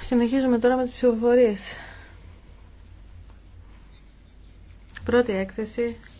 Συνεχίζουμε τώρα με τις ψηφοφορίες. Πρώτη έκθεση.